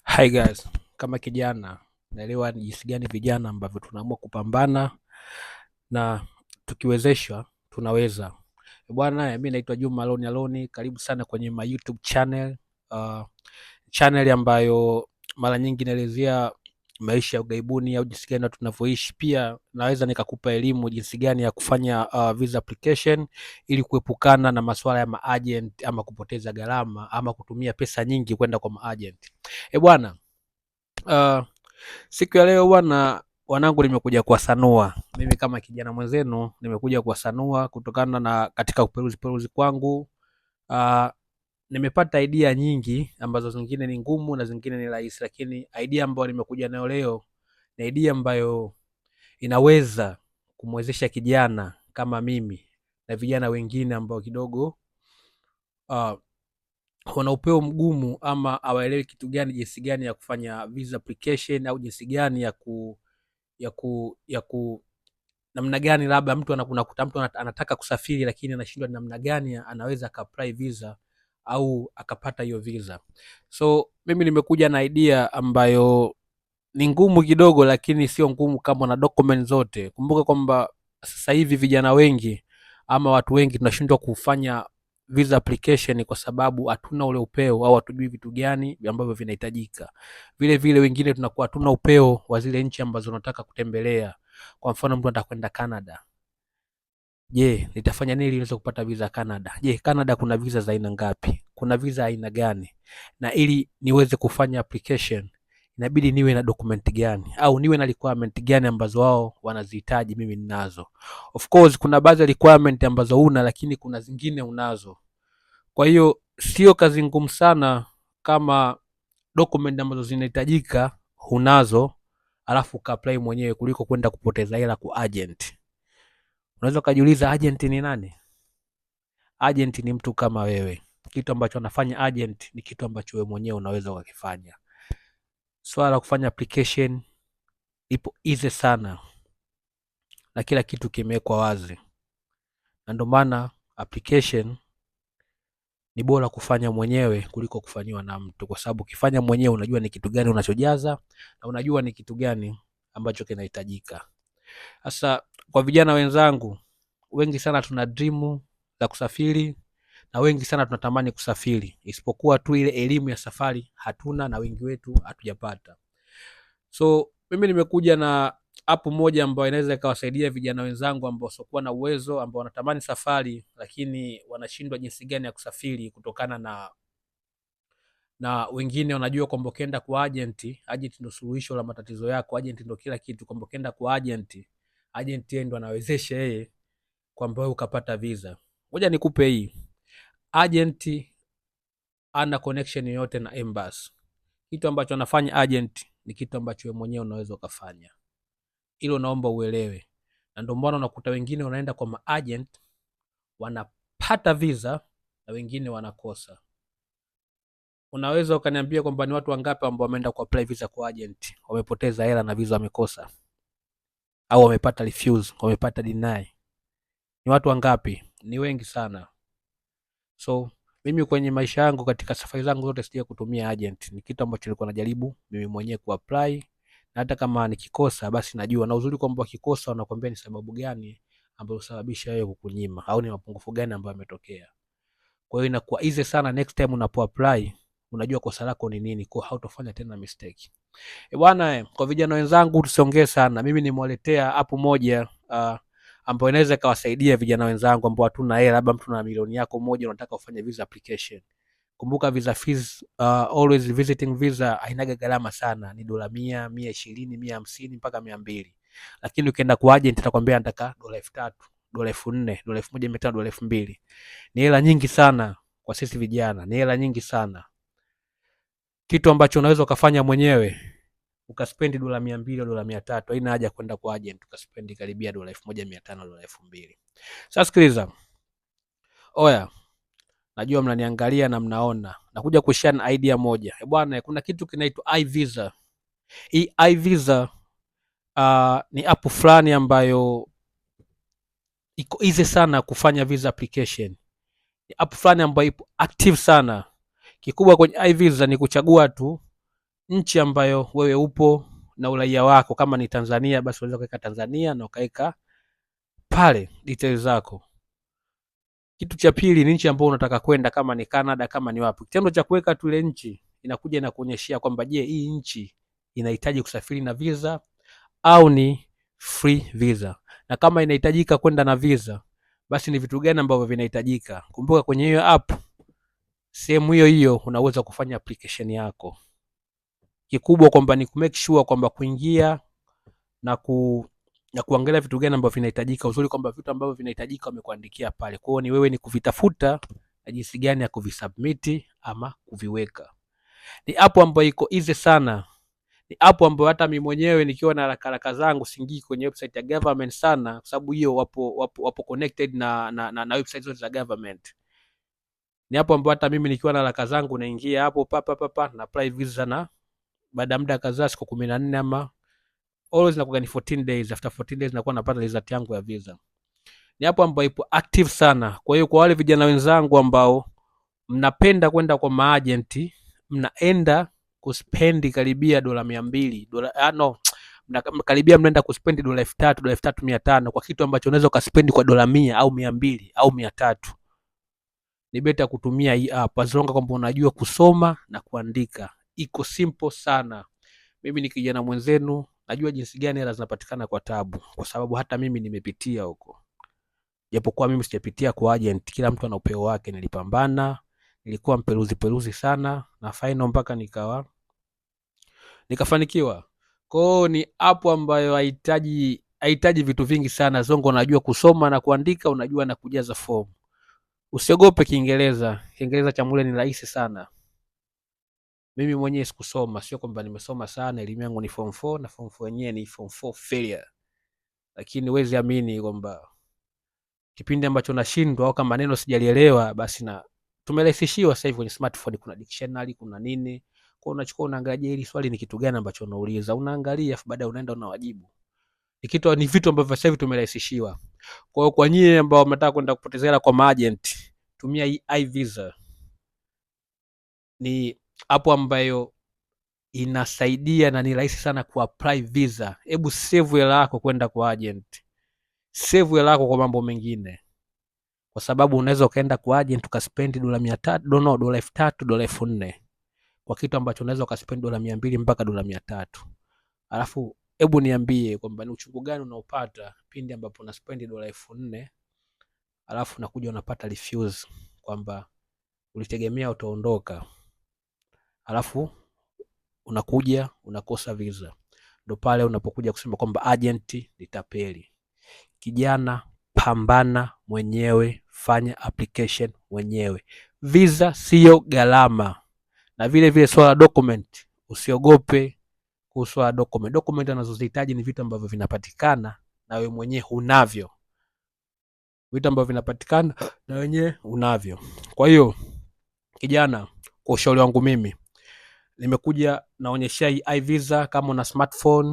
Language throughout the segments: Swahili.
Hi guys, kama kijana naelewa ni jinsi gani vijana ambavyo tunaamua kupambana na tukiwezeshwa tunaweza. Bwana, mimi naitwa Juma Aloni Aloni, karibu sana kwenye my YouTube channel. Uh, channel ambayo mara nyingi naelezea maisha ya ugaibuni au jinsi gani watu tunavyoishi. Pia naweza nikakupa elimu jinsi gani ya kufanya uh, visa application ili kuepukana na masuala ya maagent ama kupoteza gharama ama kutumia pesa nyingi kwenda kwa maagent. Eh bwana, uh, siku ya leo bwana wanangu nimekuja kuwasanua. Mimi kama kijana mwenzenu nimekuja kuwasanua kutokana na katika uperuzi peruzi kwangu. Uh, nimepata idea nyingi ambazo zingine ni ngumu na zingine ni rahisi, lakini idea ambayo nimekuja nayo leo ni idea ambayo inaweza kumwezesha kijana kama mimi na vijana wengine ambao kidogo uh, wana upeo mgumu ama hawaelewi kitu gani, jinsi gani ya kufanya visa application au jinsi gani ya ku, ya ku, ya ku namna gani labda mtu anakuta mtu anataka kusafiri lakini anashindwa namna gani anaweza aka apply visa au akapata hiyo visa. So mimi nimekuja na idea ambayo ni ngumu kidogo, lakini sio ngumu kama na document zote. Kumbuka kwamba sasa hivi vijana wengi ama watu wengi tunashindwa kufanya visa application kwa sababu hatuna ule upeo au hatujui vitu gani ambavyo vinahitajika. Vile vile wengine tunakuwa hatuna upeo wa zile nchi ambazo tunataka kutembelea. Kwa mfano, mtu anataka kwenda Canada Je, nitafanya nini ili niweze kupata visa Canada? Je, Canada kuna visa za aina ngapi? Kuna visa aina gani? Na ili niweze kufanya application inabidi niwe na document gani au niwe na requirement gani ambazo wao wanazihitaji mimi ninazo. Of course kuna baadhi ya requirement ambazo una lakini kuna zingine unazo. Kwa hiyo sio kazi ngumu sana kama document ambazo zinahitajika unazo alafu ka apply mwenyewe kuliko kwenda kupoteza hela ku agent. Unaweza ukajiuliza agent ni nani? Agent ni mtu kama wewe. Kitu ambacho anafanya agent ni kitu ambacho wewe mwenyewe unaweza ukakifanya. Swala la kufanya application ipo easy sana, na kila kitu kimewekwa wazi, na ndio maana application ni bora kufanya mwenyewe kuliko kufanyiwa na mtu, kwa sababu ukifanya mwenyewe unajua ni kitu gani unachojaza na unajua ni kitu gani ambacho kinahitajika. Sasa kwa vijana wenzangu, wengi sana tuna dream za kusafiri na wengi sana tunatamani kusafiri, isipokuwa tu ile elimu ya safari hatuna, na wengi wetu hatujapata. So mimi nimekuja na app moja ambayo inaweza ikawasaidia vijana wenzangu ambao wasiokuwa na uwezo, ambao wanatamani safari lakini wanashindwa jinsi gani ya kusafiri kutokana na na wengine wanajua kwamba ukienda kwa agent, agent ndo suluhisho la matatizo yako, agent ndo kila kitu, kwamba ukienda kwa agent, agent yeye ndo anawezesha yeye kwamba wewe ukapata visa. Ngoja nikupe hii, agent ana connection yoyote na embassy? Kitu ambacho anafanya agent ni kitu ambacho wewe mwenyewe unaweza ukafanya. Hilo naomba uelewe, na ndio maana unakuta wengine wanaenda kwa agent wanapata visa na wengine wanakosa. Unaweza ukaniambia kwamba ni watu wangapi ambao wameenda ku apply visa kwa agent, wamepoteza hela na visa wamekosa, au wamepata refuse, wamepata deny? Ni watu wangapi? Ni wengi sana. So mimi kwenye maisha yangu, katika safari zangu zote, sija kutumia agent. Ni kitu ambacho nilikuwa najaribu mimi mwenyewe ku apply, na hata kama nikikosa, basi najua. Na uzuri kwamba wakikosa, wanakwambia ni sababu gani ambayo usababisha wewe kukunyima, au ni mapungufu gani ambayo yametokea. Kwa hiyo inakuwa easy sana next time unapo apply unajua kosa lako ni nini, kwa hautofanya tena mistake. E bwana, eh, kwa vijana wenzangu tusiongee sana, mimi nimewaletea app moja uh, ambayo inaweza ikawasaidia vijana wenzangu ambao hatuna hela, labda mtu na milioni yako moja unataka ufanye visa application. Kumbuka visa fees, uh, always visiting visa hainaga gharama sana, ni dola mia, mia ishirini, mia hamsini mpaka mia mbili lakini ukienda kwa agent atakwambia nataka dola elfu tatu dola elfu nne dola elfu moja mia tano dola elfu mbili Ni hela nyingi sana kwa sisi vijana, ni hela nyingi sana kitu ambacho unaweza ukafanya mwenyewe ukaspendi dola mia mbili au dola mia tatu haina haja kwenda kwa agent ukaspendi karibia dola elfu moja mia tano dola elfu mbili Sasa sikiliza, oya, najua mnaniangalia na mnaona, nakuja kushare na idea moja. E bwana, kuna kitu kinaitwa iVisa. Hii iVisa uh, ah, ni app fulani ambayo iko easy sana kufanya visa application. Ni app fulani ambayo ipo active sana Kikubwa kwenye iVisa ni kuchagua tu nchi ambayo wewe upo na uraia wako. Kama ni Tanzania, basi unaweza kuweka Tanzania na ukaweka pale details zako. Kitu cha pili ni nchi ambayo unataka kwenda, kama ni Canada, kama ni wapi. Kitendo cha kuweka tu ile nchi inakuja na kuonyeshia kwamba je, hii nchi inahitaji kusafiri na visa au ni free visa, na kama inahitajika kwenda na visa, basi ni vitu gani ambavyo vinahitajika. Kumbuka kwenye hiyo app sehemu hiyo hiyo unaweza kufanya application yako. Kikubwa kwamba ni kumake sure kwamba kuingia na ku na kuangalia vitu gani ambavyo vinahitajika. Uzuri kwamba vitu ambavyo vinahitajika wamekuandikia pale, kwa hiyo ni wewe ni kuvitafuta na jinsi gani ya kuvisubmit ama kuviweka. Ni app ambayo iko easy sana, ni app ambayo hata mimi mwenyewe nikiwa na haraka haraka zangu singii kwenye website ya government sana, kwa sababu hiyo wapo, wapo, wapo connected na, na, na, na website zote za government. Ni hapo ambapo hata mimi nikiwa na haraka zangu naingia hapo pa pa pa pa na apply visa na baada ya muda kadhaa siku kumi na nne ama always nakuwa ni 14 days, after 14 days nakuwa napata result yangu ya visa. Ni hapo ambapo ipo active sana. Kwa hiyo kwa wale vijana wenzangu ambao mnapenda kwenda kwa maagenti, mnaenda kuspendi karibia dola mia mbili dola ah, no karibia mnaenda kuspendi dola elfu tatu dola elfu tatu mia tano kwa kitu ambacho unaweza ukaspendi kwa dola mia au mia mbili au mia tatu ni beta kutumia hii app as long kwamba unajua kusoma na kuandika. Iko simple sana. Mimi ni kijana mwenzenu, najua jinsi gani hela zinapatikana kwa tabu, kwa sababu hata mimi nimepitia huko, japokuwa mimi sijapitia kwa agent. Kila mtu ana upeo wake. Nilipambana, nilikuwa mperuzi peruzi sana, na final mpaka nikawa nikafanikiwa. Kwao ni app ambayo haihitaji haihitaji vitu vingi sana, zongo unajua kusoma na kuandika, unajua na kujaza fomu Usiogope Kiingereza, Kiingereza cha mule ni rahisi sana. Mimi mwenyewe sikusoma, sio kwamba nimesoma sana, elimu yangu ni form 4 na form 4 yenyewe ni form 4 failure, lakini huwezi amini kwamba kipindi ambacho nashindwa au kama neno sijalielewa, basi na tumerahisishiwa sasa hivi kwenye smartphone, kuna dictionary, kuna nini. Kwa unachukua unaangalia hili swali ni kitu gani ambacho unauliza, unaangalia afu baadaye unaenda unawajibu. Ni kitu ni vitu ambavyo sasa hivi tumerahisishiwa. Kwa hiyo kwa nyie ambao mnataka kwenda kupoteza hela kwa maagent, tumia hii iVisa. Ni hapo ambayo inasaidia na ni rahisi sana kuapply visa. Hebu save hela yako kwenda kwa agent, save hela yako kwa mambo mengine, kwa sababu unaweza ukaenda kwa agent ukaspendi dola mia tatu dono dola elfu tatu dola elfu nne kwa kitu ambacho unaweza ukaspendi dola mia mbili mpaka dola mia tatu alafu hebu niambie kwamba ni uchungu gani unaopata pindi ambapo una spend dola elfu nne alafu unakuja unapata refuse kwamba ulitegemea utaondoka, alafu unakuja unakosa visa. Ndo pale unapokuja kusema kwamba agent nitapeli. Kijana, pambana mwenyewe, fanya application mwenyewe. Visa siyo gharama, na vile vile swala document, usiogope kuhusu document. Document anazozihitaji ni vitu ambavyo vinapatikana na wewe mwenyewe unavyo, vitu ambavyo vinapatikana na wenyewe unavyo. Kwa hiyo kijana, kwa ushauri wangu mimi nimekuja naonyesha hii iVisa. Kama una smartphone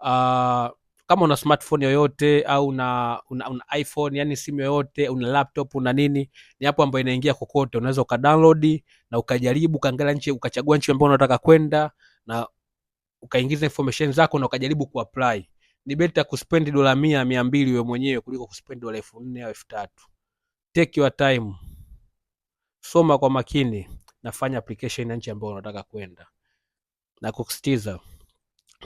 uh, kama una smartphone yoyote au una, una, una iPhone yani simu yoyote, una laptop, una nini, ni hapo ambayo inaingia kokote. Unaweza ukadownload na ukajaribu ukaangalia nchi, ukachagua nchi ambayo unataka kwenda na ukaingiza information zako na ukajaribu kuapply. Ni beta kuspendi dola mia mia mbili wewe mwenyewe kuliko kuspendi dola elfu nne au elfu tatu. Take your time, soma kwa makini na fanya application ya nchi ambayo unataka kwenda, na kukusitiza,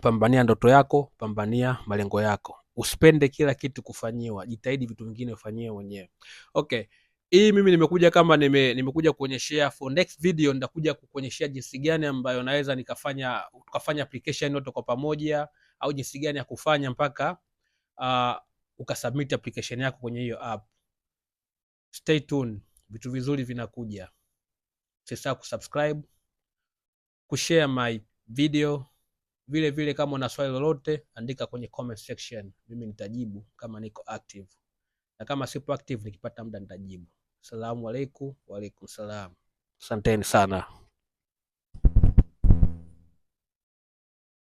pambania ndoto yako, pambania malengo yako. Usipende kila kitu kufanyiwa, jitahidi vitu vingine ufanyie mwenyewe. Okay. Hii mimi nimekuja kama nime, nimekuja kuonyeshea for next video, nitakuja kukuonyeshea jinsi gani ambayo naweza nikafanya tukafanya application yote kwa pamoja, au jinsi gani ya kufanya mpaka uh, ukasubmit application yako kwenye hiyo app. Stay tuned, vitu vizuri vinakuja. Sasa kusubscribe, kushare my video vile vile. Kama una swali lolote, andika kwenye comment section, mimi nitajibu kama niko active, na kama sipo active, nikipata muda nitajibu. Salamu alaikum. Waalaikum salam. Asanteni sana.